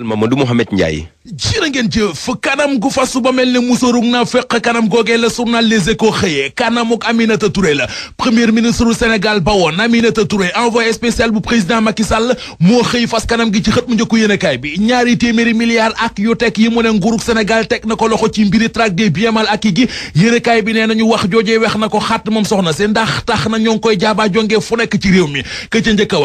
Mamadou Mouhamed Ndiaye jërë ngeen jëf kanam gu fasu ba mel ne musorug na fekk kanam googee la journal Les Échos xëyee kanamuk Aminata Touré la premier ministre du Sénégal ba woon Aminata Touré envoyé spécial bu président Macky Sall moo xëy fas kanam gi ci xët mu njëkku yéenekaay bi ñaari téeméeri milliards ak yu teg yi mu ne nguurug Sénégal teg na ko loxo ci mbiri traque des biens mal acquis gi yéenekaay bi nee nañu wax joojee wex na ko xat moom soxna si ndax tax na ñoo ngi koy jaaba jongee fu nekk ci réew mi ka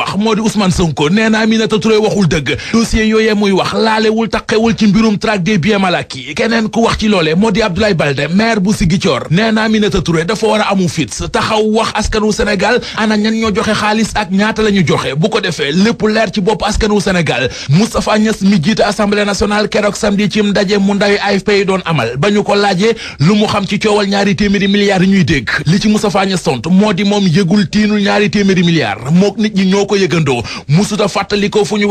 a moo di Ousmane Sonko nee na Aminata Touré dëgg dossier yooyee wax laalewul taqewul ci mbirum traque des biens mal acquis keneen ku wax ci loolee moo di Abdoulaye Baldé maire bu Ziguinchor nee na Aminata Touré dafa war a amu fit taxaw wax askanu Sénégal ana ñan ñoo joxe xaalis ak ñaata la ñu joxe bu ko defee lépp leer ci bopp askanu Sénégal Moustapha Niass mi jiite Assemblée nationale keroog samedi ci ndaje mu ndawi AFP yi doon amal ba ñu ko laajee lu mu xam ci coowal ñaari téeméeri milliards yi ñuy dégg li ci Moustapha Niass moo di moom yëgul tiinul ñaari téeméeri milliards mook nit ñi ñoo ko yëgandoo musuta fàttali ko fu ñu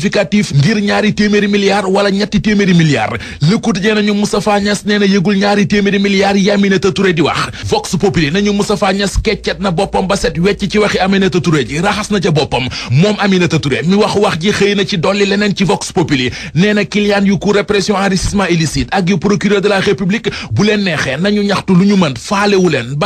rectificatif ngir ñaari téeméeri milliards wala ñetti téeméeri milliards Le Quotidien nañu Moustapha Niass nee na yëgul ñaari téeméeri milliards yi Aminata Touré di wax Vox Populi nañu Moustapha Niass keccet na boppam ba set wecc ci waxi Aminata Touré ji raxas na ca boppam moom Aminata Touré mi wax ji xëy na ci dolli leneen ci Vox Populi nee na client yu cour répression enrichissement illicite ak yu procureur de la République bu leen neexee nañu ñaxtu lu ñu mën faalewu leen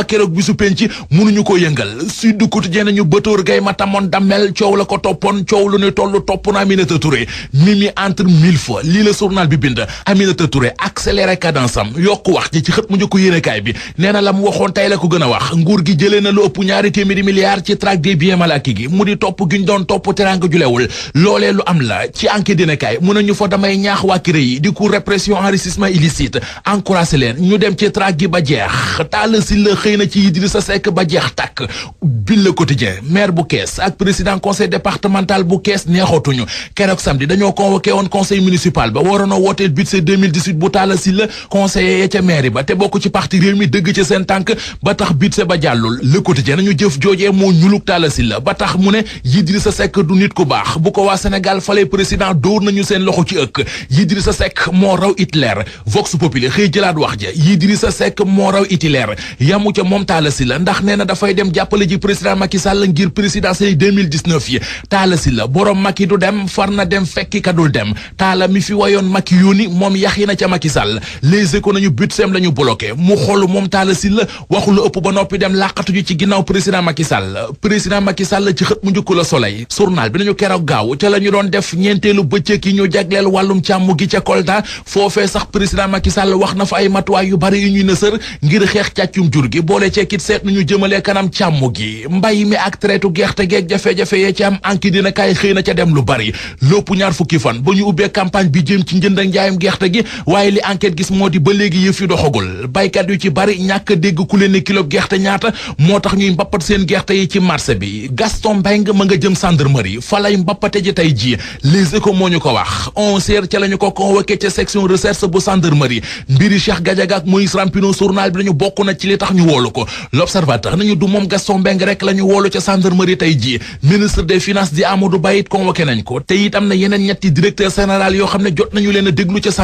Aminata Touré Mimi entre mille fois lii la journal bi bind Aminata Touré accéléré cadence am wax ji ci xët mu njëkk yéenekaay bi nee na la mu waxoon tey la ko gën a wax nguur gi jëlee na lu ëpp ñaari téeméeri milliards ci traque des biens mal acquis gi mu di topp gi ñu doon topp teraanga julewul loolee lu am la ci enquête yéenekaay mu na ñu fa damay ñaax waa yi di cour répression enrichissement illicite encouragé leen ñu dem ci traque gi ba jeex taal si la xëy bi le quotidien maire bu kees ak président conseil départemental bu kees neexootuñu keroog samedi dañoo convoqué woon conseil municipal ba a wooteel budget 2018 bu Talla Sylla conseiller ya ca maire ba te bokk ci parti réew mi dëgg ci seen tànk ba tax budget ba jàllul le nañu jëf joojee moo ñuluk Talla Sylla ba tax mu ne Idrissa Seck du nit ku baax bu ko waa Sénégal fale président dóor nañu seen loxo ci ëkk Idrissa Seck moo raw moo raw Hitler yamu président Macky Sall ngir présidentielle 2019 yi taala si la borom yi du dem far na dem fekki kadul dem taala mi fi wayoon Macky yóoni moom yaxi na ca Macky Sall les éco nañu but seem la ñu mu xool moom taala si la waxu lu ëpp ba noppi dem làqatuñu ci ginnaaw président Macky Sall président Macky Sall ci xët mu njëkk la soleil journal bi nañu keroog gaaw ca la ñu doon def ñeenteelu bëccëg yi ñu jagleel wàllum càmm gi ca Kolda foofee sax président Macky Sall wax na fa ay matuwaay yu bari yu ñuy nësër ngir xeex càccum jur gi boole ceekit seet nañu jëmalee kanam càmm gi yi mbay mi ak traite gerte geeg jafe-jafe yee ci am anki dina kaay xëy na ca dem lu bari lépp ñaar fukki fan ba ñu ubbee campagne bi jëm ci njënd ak njaayam gerte gi waaye li enquête gis moo di ba léegi yëf yi doxagul baykat yu ci bari ñakk dégg ku leen ne kilo gerte ñaata moo tax ñuy mbappat seen gerte yi ci marché bi Gaston Mbengue ma nga jëm gendarmerie fa lay mbappate ji tey jii Les ko moo ñu ko wax onze heures ca la ko convoqué ca section recherche bu gendarmerie mbiri Cheikh Gadiaga ak Moïse Rampino journal na ci li tax ñu wóolu ko l'observateur nañu du moom Gaston rek la ñu yoo xam ne jot nañu leen a déglu ca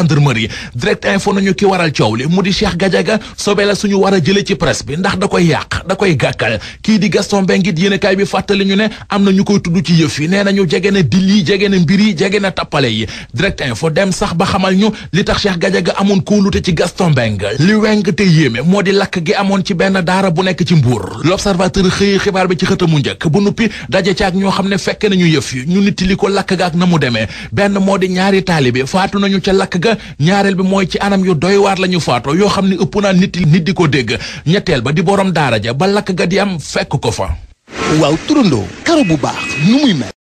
a jële ci presse bi ndax da koy yàq da koy gàkkal kii di Gaston Mbengit yéenekaay bi fàttali ñu ne am na ñu koy tudd ci yëf yi nee nañu jege na dil yi jege na mbir jege na tappale yi direct info dem sax ba xamal ñu li tax Cheikh Gadiaga amoon kóolute ci Gaston Mbeng li weng te yéeme moo di lakk gi amoon ci benn daara bu nekk ci Mbuur l'observateur xëy xibaar bi ci xët amu njëkk bu nuppi daje caak ñoo xam ne fekk nañu yëf yi ñu nitti li ko lakk ga ak na mu demee benn moo di ñaari taalibe faatu nañu ca lakk ga ñaareel bi mooy ci anam yu doy waat la ñu faatoo yoo xam ne ëpp naa nit nit di ko dégg ñetteel ba di borom daara ja ba lakk ga di am fekk ko fa waaw turandoo karo bu baax nu muy mel